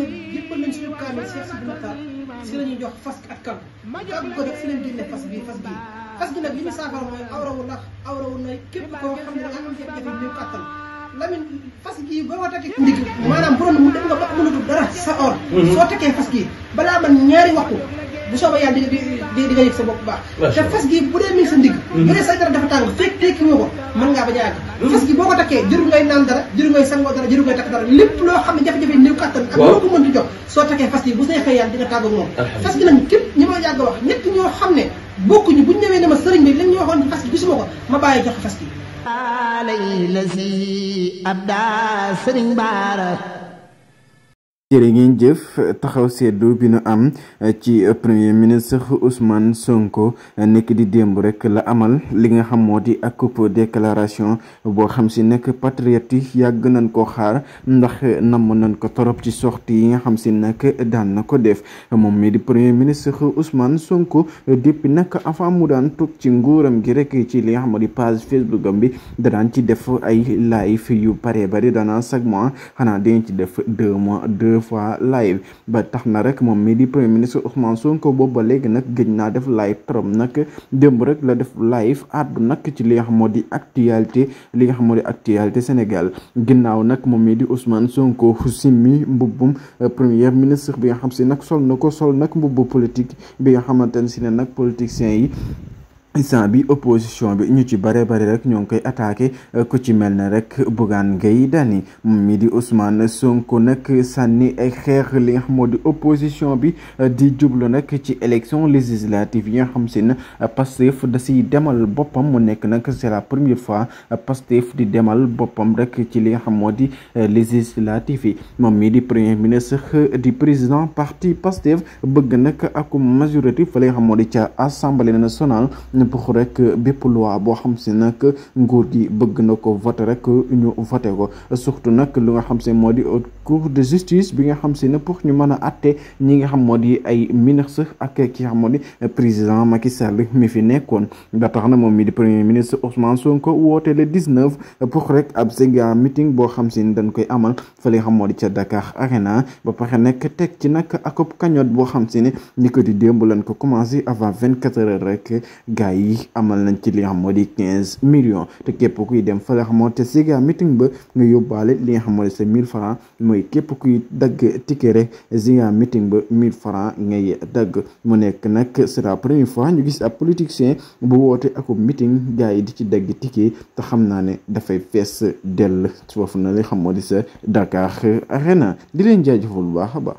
ne fas gi nag li ñu saafara mooy awrawu lax awrawu nay képp koo xam boo tekkee ndig maanaam bu doon mu def nga ba mënatul dara sa or mhm. soo tekkee fas gii balaa man ñaari waxtu bu sooba yàlla di yëg sa bopp baax te fas gii bu dee mi sa ndig mhm. bu dee say dara dafa tàng fekk tekki woo ko mën ngaa bañ a àgg boo ko takkee jëru ngay naan dara jëru ngay sangoo dara jëru ngay takk dara lépp loo xam ne jafe-jafe néew kàttan ak loo ko mën di jox moom fas gi képp ñi ma yàgg wax ñett ñoo xam ne bokkuñu buñ ñëwee ne ma sëriñ bi lañ ñu waxoon fas bi gisuma ko ma bàyyi joxe fas gi la si ab daa sëriñ baara jërë ngeen jëf taxaw seetlu bi nu am eh, ci eh, premier ministre Ousmane Sonko eh, nekk di démb rek la amal li nga xam moo di akub déclaration boo xam si nekk patriote yi yàgg nañ ko xaar ndax namm nañ ko torop ci sortie nga xam si nag daan na def moom mi di premier ministre Ousmane Sonko depuis nag avant mu daan toog ci nguuram gi rek ci li nga xam di page Facebook am bi danaan ci def ay live yu bare bari danaa chaque mois xanaa dañ ci def deux mois fois live ba tax na rek moom mi di premier ministre Ousmane Sonko boobu ba léegi nag gëj naa def live trop nag démb rek la def live àddu nag ci li nga xam moo di actualité li nga xam moo di actualité Sénégal ginnaaw nag moom mii di Ousmane Sonko simmi mbubbum euh, premier ministre bi nga xam si nag sol na ko sol nag mbubbu politique bi nga xamante ne si ne nag politiciens yi instant bi opposition bi ñu ci bare bare rek ñong koy attaquer euh, ku ci mel rek Bougane Ousmane Sonko nak sanni ay xeex li nga opposition bi euh, di djublu nak ci élection législative yi xam seen euh, Pastef da siy demal bopam mu nekk nak c'est la première fois Pastef di demal Bopam rek ci li xam modi législative mom premier ministre di président parti Pastef bëgg nak ak majorité fa lay xam modi ci assemblée nationale pour rek bépp loi boo xam si nag nguur gi bëgg na ko voté rek ñu voté ko surtout nag lu nga xam si moo di cour de justice bi nga xam si ne pour ñu mën a atte ñi nga xam moo di ay ministre ak ki nga xam moo di président Macky Sall mi fi nekkoon ba tax na moom mi di premier ministre Ousmane Sonko woote le 19 pour rek ab sega meeting boo xam si ne dañ koy amal fa li nga xam moo di ca Dakar Arena ba pare nekk teg ci nag akob kañot boo xam si ne ni ko di démb lañ ko commencé avant vingt quatre heures syndicat yi amal nañ ci li nga xam moo di quinze millions te képp kuy dem fa la te siga meeting ba nga yóbbaale li nga xam moo di sa mille francs mooy képp kuy dagg ticket rek siga meeting ba mille francs ngay dagg mu nekk nag c'est la première fois ñu gis ab politicien bu woote ak meeting gars yi di ci dagg ticket te xam naa ne dafay fees dell foofu na li xam di sa Dakar Arena di leen jaajëfal bu baax a baax